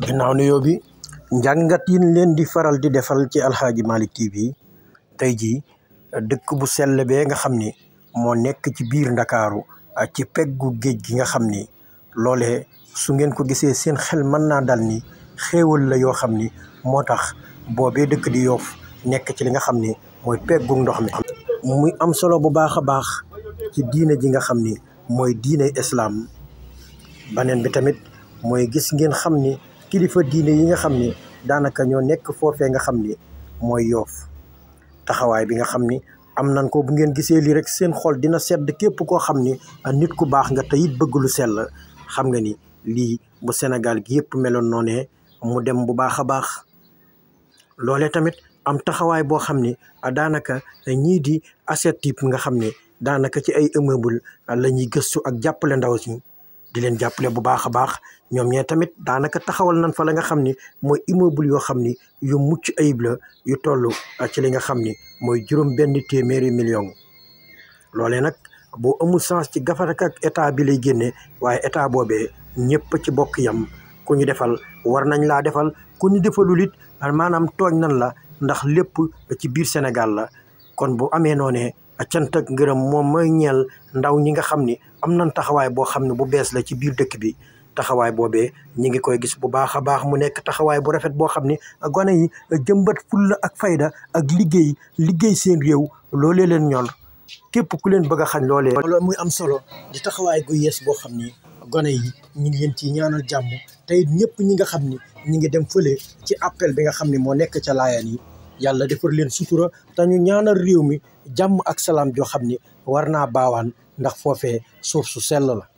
ginnaaw nuyoo bi njàngat yin leen di faral di defal ci Aladji Malick TV tey jii dëkk bu sell bee nga xam ni moo nekk ci biir ndakaaru ci peggu géej gi nga xam ni loole su ngeen ko gisee seen xel mën naa dal ni xéewal la yoo xam ni moo tax boobee dëkk di yoof nekk ci li nga xam ni mooy peggu ndox mi muy am solo bu baax a baax ci diine ji nga xam ni mooy diine islaam baneen bi tamit mooy gis ngeen xam ni kilifa diine yi nga xam ni daanaka ñoo nekk foofee nga xam ni mooy yoof taxawaay bi nga xam ni am nan ko bu ngeen gisee lii rek seen xol dina sedd képp koo xam ni nit ku baax nga te it bëgg lu sell xam nga ni lii bu senegal gi yëpp meloon noonee mu dem bu baax a baax loolee tamit am taxawaay boo xam ni daanaka ñii di asset type nga xam ni daanaka ci ay immeuble la ñuy gëstu ak jàppale ndaw si di leen jàppale bu baax a baax ñoom ñee tamit daanaka taxawal nañ fa la nga xam ni mooy immeuble yoo xam ni yu mucc ayibla yu toll ah, ci li nga xam ni mooy juróom benn téeméeri million loolee nag boo amul sens ci gafaraka ak état bi lay génne waaye état boobee ñëpp ci bokk yam ku ñu defal war nañ laa defal ku ñu defalul it maanaam tooñ nan la ndax lépp ci biir Sénégal la kon bu amee noonee cant ak ngërëm moom mooy ñeel ndaw ñi nga xam ni am na taxawaay boo xam ne bu bees la ci biir dëkk bi taxawaay boobee ñi ngi koy gis bu baax a baax mu nekk taxawaay bu rafet boo xam ni gone yi jëmbat fulla ak fayda ak liggéey liggéey seen réew loolee leen ñor képp ku leen bëgg a xañ loolee. loolu muy am solo di taxawaay gu yees boo xam ni gone yi ñu ngi leen ciy ñaanal jàmm te it ñëpp ñi nga xam ni ñu ngi dem fële ci appel bi nga xam ni moo nekk ca laayaan yi. yàlla defar leen sutura te ñu ñaanal réew mi jàmm ak salaam joo xam ni war naa baawaan ndax foofee suuf su sell la